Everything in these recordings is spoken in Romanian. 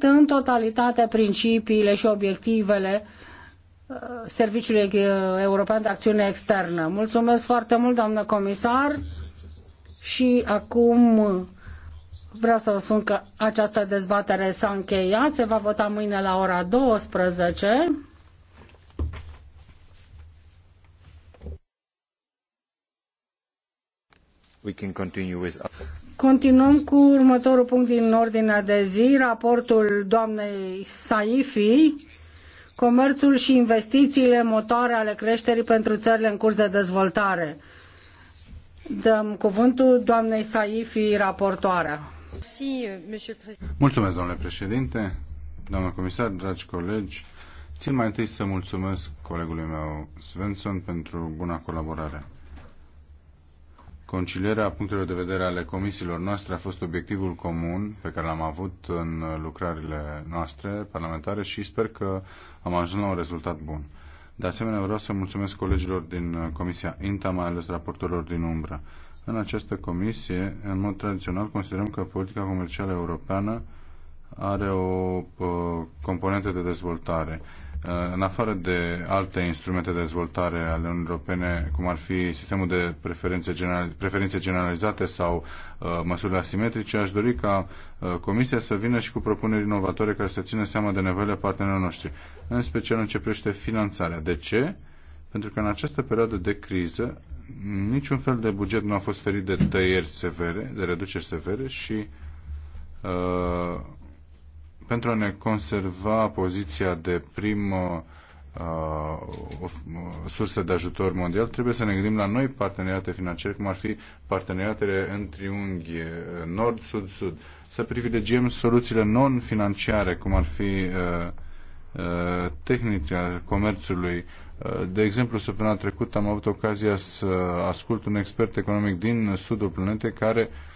în totalitate principiile și obiectivele uh, Serviciului uh, European de Acțiune Externă. Mulțumesc foarte mult, doamnă comisar, și acum vreau să vă spun că această dezbatere s-a încheiat, se va vota mâine la ora 12. We can continue with... Continuăm cu următorul punct din ordinea de zi, raportul doamnei Saifi, comerțul și investițiile motoare ale creșterii pentru țările în curs de dezvoltare. Dăm cuvântul doamnei Saifi, raportoarea. Mulțumesc, domnule președinte, doamnă comisar, dragi colegi. Țin mai întâi să mulțumesc colegului meu Svensson pentru buna colaborare. Concilierea punctelor de vedere ale comisiilor noastre a fost obiectivul comun pe care l-am avut în lucrările noastre parlamentare și sper că am ajuns la un rezultat bun. De asemenea, vreau să mulțumesc colegilor din Comisia INTA, mai ales raportorilor din umbră. În această comisie, în mod tradițional, considerăm că politica comercială europeană are o uh, componentă de dezvoltare în afară de alte instrumente de dezvoltare ale Uniunii Europene, cum ar fi sistemul de preferințe, general, preferințe generalizate sau uh, măsurile asimetrice, aș dori ca uh, Comisia să vină și cu propuneri inovatoare care să țină seama de nevoile partenerilor noștri, în special în ce privește finanțarea. De ce? Pentru că în această perioadă de criză niciun fel de buget nu a fost ferit de tăieri severe, de reduceri severe și uh, pentru a ne conserva poziția de primă uh, uh, sursă de ajutor mondial, trebuie să ne gândim la noi parteneriate financiare, cum ar fi parteneriatele în triunghi uh, nord-sud-sud, să privilegiem soluțiile non-financiare, cum ar fi uh, uh, tehnica comerțului. Uh, de exemplu, săptămâna trecută am avut ocazia să ascult un expert economic din sudul planetei care uh,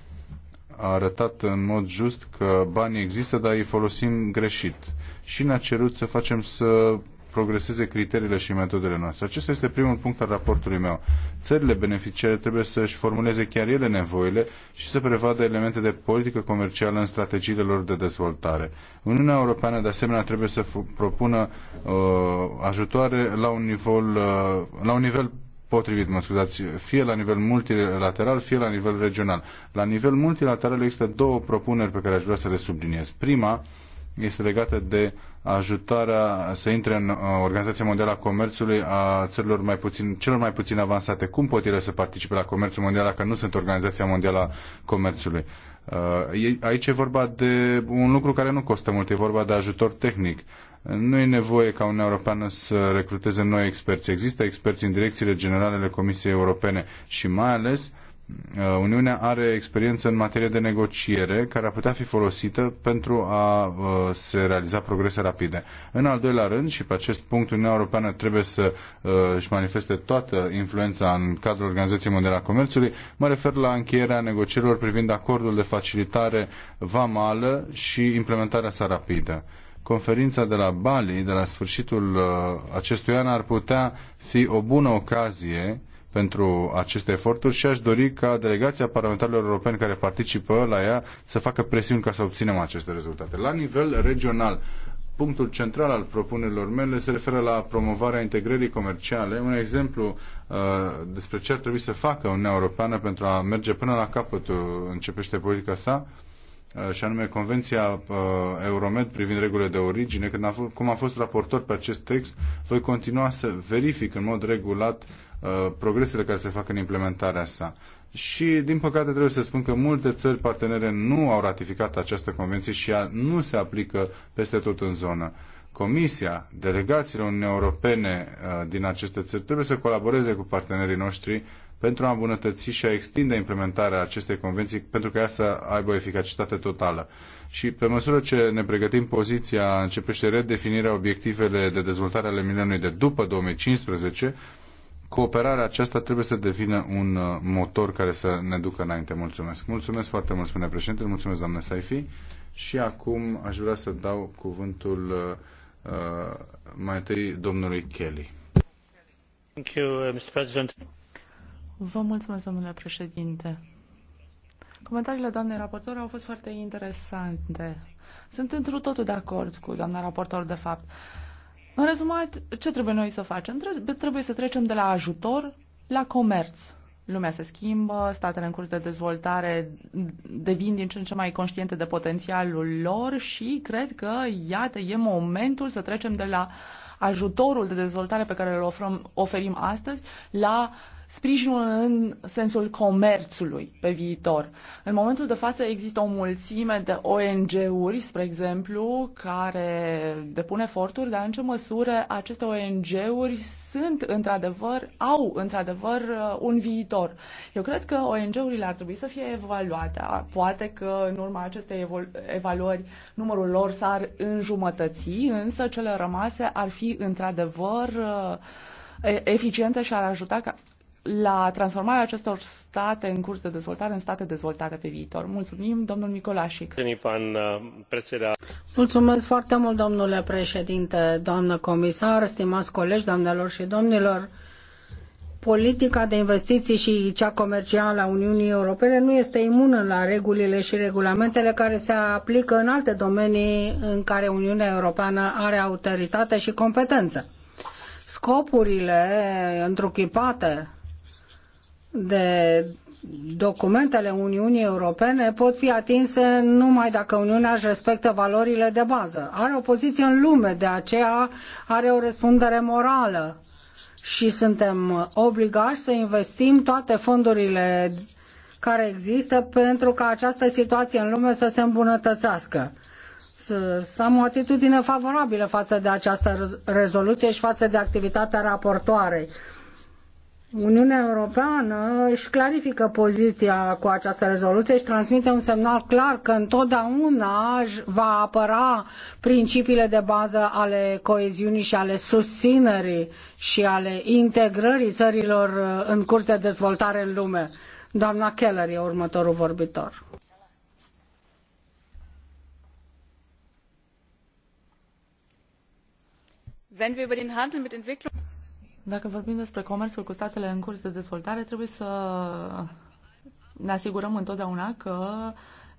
a arătat în mod just că banii există, dar îi folosim greșit. Și ne-a cerut să facem să progreseze criteriile și metodele noastre. Acesta este primul punct al raportului meu. Țările beneficiare trebuie să-și formuleze chiar ele nevoile și să prevadă elemente de politică comercială în strategiile lor de dezvoltare. Uniunea Europeană, de asemenea, trebuie să propună uh, ajutoare la un, nivel, uh, la un nivel potrivit, mă scuzați, fie la nivel multilateral, fie la nivel regional. La nivel multilateral există două propuneri pe care aș vrea să le subliniez. Prima este legată de ajutarea să intre în uh, Organizația Mondială a Comerțului a țărilor mai puțin, celor mai puțin avansate. Cum pot ele să participe la comerțul mondial dacă nu sunt Organizația Mondială a Comerțului? Uh, aici e vorba de un lucru care nu costă mult, e vorba de ajutor tehnic. Nu e nevoie ca Uniunea Europeană să recruteze noi experți. Există experți în direcțiile generale ale Comisiei Europene și mai ales uh, Uh, Uniunea are experiență în materie de negociere care ar putea fi folosită pentru a uh, se realiza progrese rapide. În al doilea rând, și pe acest punct Uniunea Europeană trebuie să uh, își manifeste toată influența în cadrul Organizației Mondiale a Comerțului, mă refer la încheierea negocierilor privind acordul de facilitare vamală și implementarea sa rapidă conferința de la Bali de la sfârșitul acestui an ar putea fi o bună ocazie pentru aceste eforturi și aș dori ca delegația parlamentarilor europeni care participă la ea să facă presiuni ca să obținem aceste rezultate. La nivel regional, punctul central al propunerilor mele se referă la promovarea integrării comerciale. Un exemplu uh, despre ce ar trebui să facă Uniunea Europeană pentru a merge până la capătul, uh, începește politica sa, uh, și anume Convenția uh, Euromed privind regulile de origine. Când a cum a fost raportor pe acest text, voi continua să verific în mod regulat Uh, progresele care se fac în implementarea sa. Și, din păcate, trebuie să spun că multe țări partenere nu au ratificat această convenție și ea nu se aplică peste tot în zonă. Comisia, delegațiile Uniunii Europene uh, din aceste țări trebuie să colaboreze cu partenerii noștri pentru a îmbunătăți și a extinde implementarea acestei convenții pentru ca ea să aibă o eficacitate totală. Și pe măsură ce ne pregătim poziția, începește redefinirea obiectivele de dezvoltare ale mileniului de după 2015, cooperarea aceasta trebuie să devină un uh, motor care să ne ducă înainte. Mulțumesc. Mulțumesc foarte mult, spune președinte. Mulțumesc, doamne Saifi. Și acum aș vrea să dau cuvântul uh, uh mai întâi domnului Kelly. Thank you, uh, Mr. President. Vă mulțumesc, domnule președinte. Comentariile doamnei raportor au fost foarte interesante. Sunt întru totul de acord cu doamna raportor, de fapt. Uh, în rezumat, ce trebuie noi să facem? Trebuie să trecem de la ajutor la comerț. Lumea se schimbă, statele în curs de dezvoltare devin din ce în ce mai conștiente de potențialul lor și cred că, iată, e momentul să trecem de la ajutorul de dezvoltare pe care îl oferim, astăzi la uh, sprijinul în sensul comerțului pe viitor. În momentul de față există o mulțime de ONG-uri, spre exemplu, care depun eforturi, dar în ce măsură aceste ONG-uri sunt într-adevăr, au într-adevăr uh, un viitor. Eu cred că ONG-urile ar trebui să fie evaluate. Poate că în urma acestei evaluări numărul lor s-ar înjumătăți, însă cele rămase ar fi într-adevăr uh, eficiente și ar ajuta ca la transformarea acestor state în curs de dezvoltare în state dezvoltate pe viitor. Mulțumim, domnul Nicolașic. Uh, Mulțumesc foarte mult, domnule președinte, doamnă comisar, stimați colegi, doamnelor și domnilor. Politica de investiții și cea comercială a Uniunii Europene nu este imună la regulile și regulamentele care se aplică în alte domenii în care Uniunea Europeană are autoritate și competență scopurile întruchipate de documentele Uniunii Europene pot fi atinse numai dacă Uniunea își respectă valorile de bază. Are o poziție în lume, de aceea are o răspundere morală și suntem obligați să investim toate fondurile care există pentru ca această situație în lume să se îmbunătățească. Să, să am o atitudine favorabilă față de această rezoluție și față de activitatea raportoarei Uniunea Europeană își clarifică poziția cu această rezoluție și transmite un semnal clar că întotdeauna va apăra principiile de bază ale coeziunii și ale susținerii și ale integrării țărilor uh, în curs de dezvoltare în lume. Doamna Keller e următorul vorbitor. Wenn wir über den Handel mit Entwicklung dacă vorbim despre comerțul cu statele în curs de dezvoltare, trebuie să ne asigurăm întotdeauna că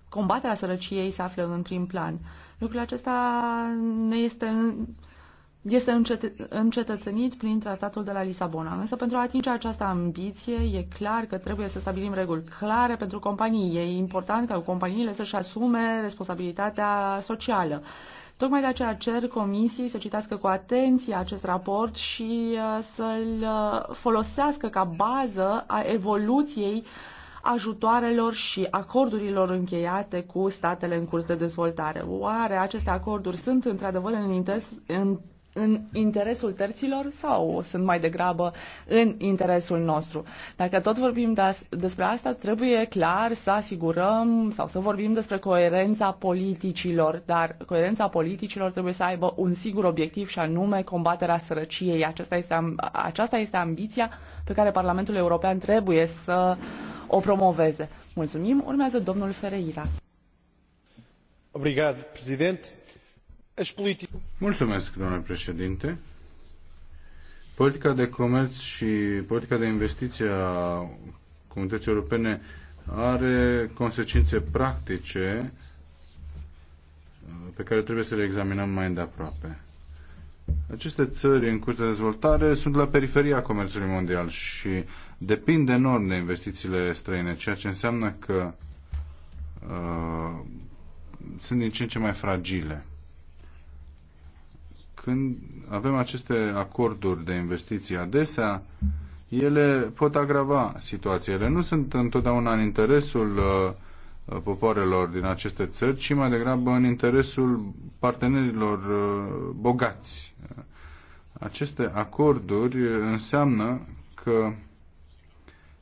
combaterea sărăciei se află în prim plan. Lucrul acesta ne este în, este încet, încetățenit prin tratatul de la Lisabona. Însă pentru a atinge această ambiție e clar că trebuie să stabilim reguli clare pentru companii. E important ca companiile să-și asume responsabilitatea socială. Uh, Tocmai de aceea cer comisiei să citească cu atenție acest raport și uh, să-l uh, folosească ca bază a evoluției ajutoarelor și acordurilor încheiate cu statele în curs de dezvoltare. Oare aceste acorduri sunt într-adevăr în, interes, în în interesul terților sau sunt mai degrabă în interesul nostru. Dacă tot vorbim de as- despre asta, trebuie clar să asigurăm sau să vorbim despre coerența politicilor, dar coerența politicilor trebuie să aibă un singur obiectiv și anume combaterea sărăciei. Aceasta este, aceasta este ambiția pe care Parlamentul European trebuie să o promoveze. Mulțumim. Urmează domnul Ferreira. Obrigado, Presidente. As políticas Mulțumesc, domnule președinte. Politica de comerț și politica de investiție a Comunității Europene are consecințe practice uh, pe care trebuie să le examinăm mai îndeaproape. Aceste țări în curs de dezvoltare sunt la periferia comerțului mondial și depind enorm de investițiile străine, ceea ce înseamnă că uh, sunt din ce în ce mai fragile când avem aceste acorduri de investiții adesea, ele pot agrava situația. Ele nu sunt întotdeauna în interesul uh, uh, popoarelor din aceste țări, ci mai degrabă în interesul partenerilor uh, bogați. Aceste acorduri înseamnă că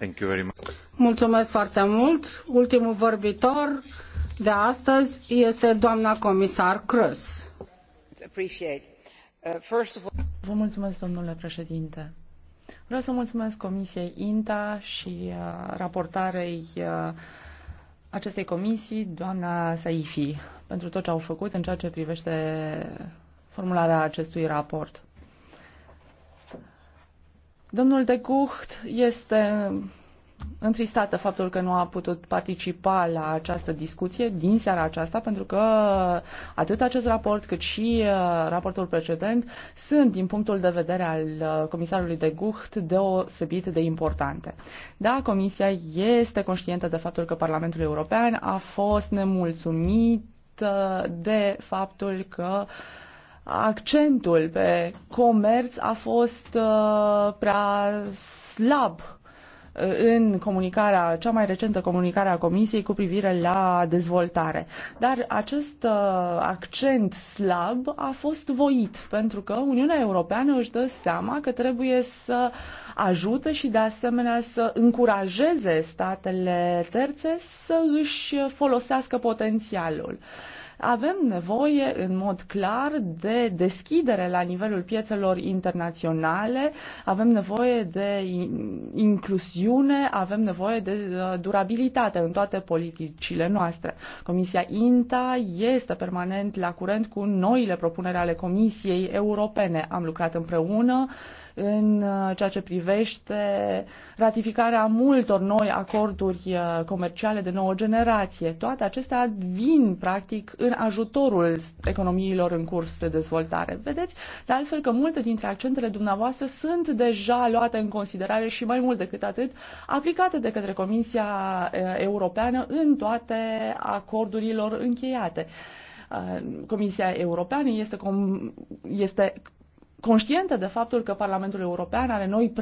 Thank you very much. Mulțumesc foarte mult. Ultimul vorbitor de astăzi este doamna comisar Crăs. Uh, Vă mulțumesc, domnule președinte. Vreau să mulțumesc Comisiei INTA și uh, raportarei uh, acestei comisii, doamna Saifi, pentru tot ce au făcut în ceea ce privește formularea acestui raport. Domnul de Gucht este întristată faptul că nu a putut participa la această discuție din seara aceasta, pentru că atât acest raport cât și uh, raportul precedent sunt, din punctul de vedere al uh, comisarului de Gucht, deosebit de importante. Da, Comisia este conștientă de faptul că Parlamentul European a fost nemulțumit de faptul că uh, accentul pe comerț a fost uh, prea slab uh, în comunicarea, cea mai recentă comunicare a Comisiei cu privire la dezvoltare. Dar acest uh, accent slab a fost voit, pentru că Uniunea Europeană își dă seama că trebuie să ajute și de asemenea să încurajeze statele terțe să își folosească potențialul. Uh, avem nevoie în mod clar de deschidere la nivelul piețelor internaționale, avem nevoie de inclusiune, avem nevoie de uh, durabilitate în toate politicile noastre. Comisia INTA este permanent la curent cu noile propuneri ale Comisiei Europene. Am lucrat împreună în uh, ceea ce privește ratificarea multor noi acorduri uh, comerciale de nouă generație. Toate acestea vin, practic, în ajutorul economiilor în curs de dezvoltare. Vedeți, de altfel că multe dintre accentele dumneavoastră sunt deja luate în considerare și mai mult decât atât, aplicate de către Comisia uh, Europeană în toate acordurilor încheiate. Comisia Europeană este, com- este conștientă de faptul că Parlamentul European are noi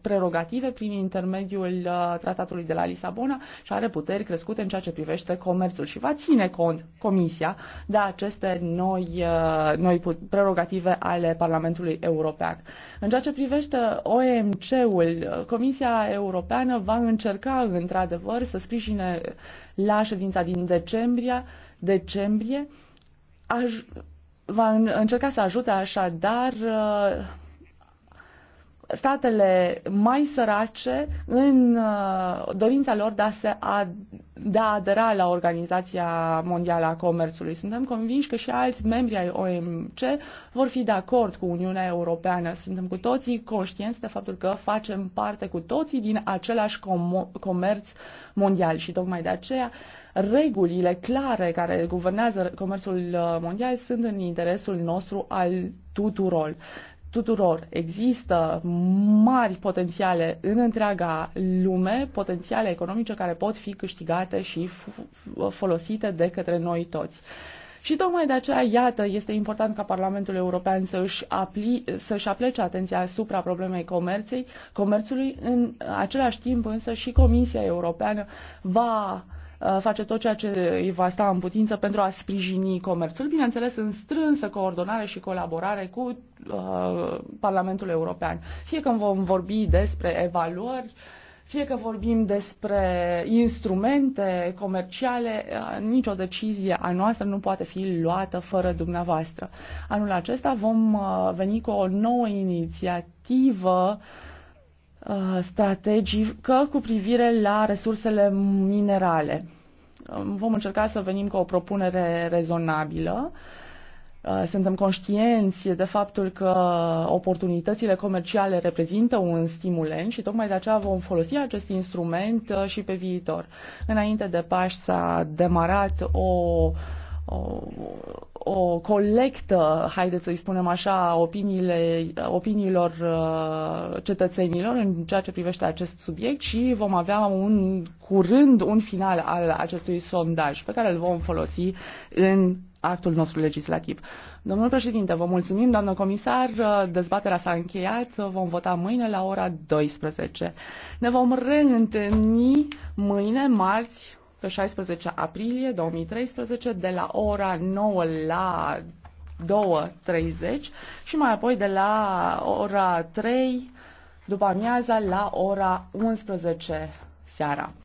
prerogative prin intermediul uh, tratatului de la Lisabona și are puteri crescute în ceea ce privește comerțul și va ține cont Comisia de aceste noi, uh, noi prerogative ale Parlamentului European. În ceea ce privește OMC-ul, uh, Comisia Europeană va încerca într-adevăr să sprijine la ședința din decembrie, decembrie va încerca să ajute așadar uh, statele mai sărace în uh, dorința lor de a, se ad, de a adera la Organizația Mondială a Comerțului. Suntem convinși că și alți membri ai OMC vor fi de acord cu Uniunea Europeană. Suntem cu toții conștienți de faptul că facem parte cu toții din același com- comerț mondial și tocmai de aceea uh, regulile clare care guvernează comerțul uh, mondial sunt în interesul nostru al tuturor tuturor. Există mari potențiale în întreaga lume, potențiale economice care pot fi câștigate și folosite de către noi toți. Și tocmai de aceea, iată, este important ca Parlamentul European să își, apli, să își aplece atenția asupra problemei comerței, comerțului. În același timp, însă, și Comisia Europeană va Uh, face tot ceea ce îi va sta în putință pentru a sprijini comerțul, bineînțeles în strânsă coordonare și colaborare cu uh, Parlamentul European. Fie că vom vorbi despre evaluări, fie că vorbim despre instrumente comerciale, uh, nicio decizie a noastră nu poate fi luată fără dumneavoastră. Anul acesta vom uh, veni cu o nouă inițiativă uh, Uh, strategică cu privire la resursele minerale. Um, vom încerca să venim cu o propunere rezonabilă. Uh, suntem conștienți de faptul că oportunitățile comerciale reprezintă un stimulent și tocmai de aceea vom folosi acest instrument uh, și pe viitor. Înainte de Paști s-a demarat o uh, o, o colectă, haideți să-i spunem așa, opiniile, opiniilor uh, cetățenilor în ceea ce privește acest subiect și vom avea un curând un final al acestui sondaj pe care îl vom folosi în actul nostru legislativ. Domnul președinte, vă mulțumim, doamnă comisar, dezbaterea s-a încheiat, vom vota mâine la ora 12. Ne vom reîntâlni mâine, marți, pe 16 aprilie 2013 de la ora 9 la 2.30 și mai apoi de la ora 3 după amiaza la ora 11 seara.